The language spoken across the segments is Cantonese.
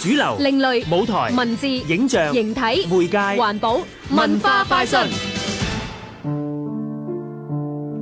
主流、另類、舞台、文字、影像、形體、媒介、環保、文化快訊。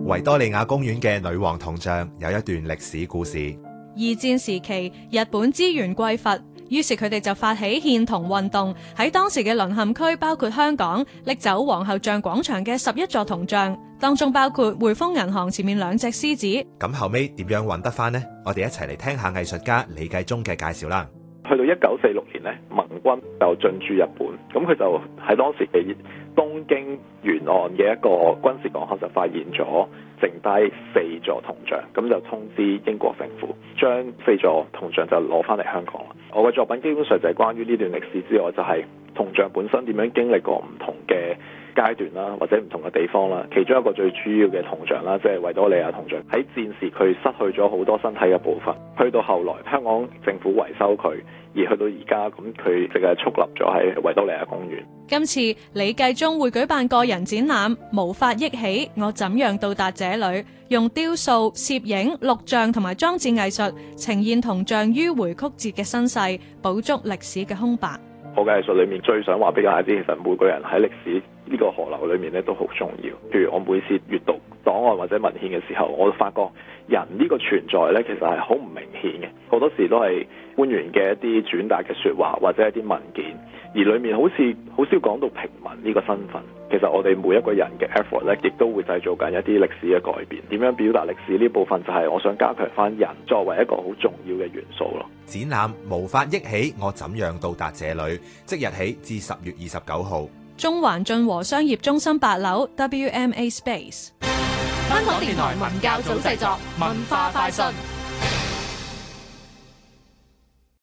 維多利亞公園嘅女王銅像有一段歷史故事。二戰時期，日本資源匱乏，於是佢哋就發起獻銅運動，喺當時嘅淪陷區，包括香港，拎走皇后像廣場嘅十一座銅像，當中包括匯豐銀行前面兩隻獅子。咁後尾點樣揾得翻呢？我哋一齊嚟聽下藝術家李繼忠嘅介紹啦。去到一九四六年呢，盟軍就進駐日本，咁佢就喺當時嘅東京沿岸嘅一個軍事港口就發現咗剩低四座銅像，咁就通知英國政府將四座銅像就攞翻嚟香港啦。我嘅作品基本上就係關於呢段歷史之外，就係、是、銅像本身點樣經歷過唔同嘅階段啦，或者唔同嘅地方啦，其中一個最主要嘅銅像啦，即係維多利亞銅像。喺戰時佢失去咗好多身體嘅部分，去到後來香港政府維修佢，而去到而家咁，佢淨係矗立咗喺維多利亞公園。今次李繼忠會舉辦個人展覽《無法憶起我怎樣到達這裏》，用雕塑、攝影、錄像同埋裝置藝術呈現銅像迂迴曲折嘅身世，補足歷史嘅空白。我嘅藝術裏面最想話俾大家知，其實每個人喺歷史呢個河流裏面咧都好重要。譬如我每次閱讀，或者文獻嘅時候，我發覺人呢個存在呢，其實係好唔明顯嘅。好多時都係官員嘅一啲轉達嘅說話或者一啲文件，而裡面好似好少講到平民呢個身份。其實我哋每一個人嘅 effort 呢，亦都會製造緊一啲歷史嘅改變。點樣表達歷史呢部分，就係、是、我想加強翻人作為一個好重要嘅元素咯。展覽無法憶起我怎樣到達這裡，即日起至十月二十九號，中環俊和商業中心八樓 WMA Space。香港電台文教組製作《文化快訊》。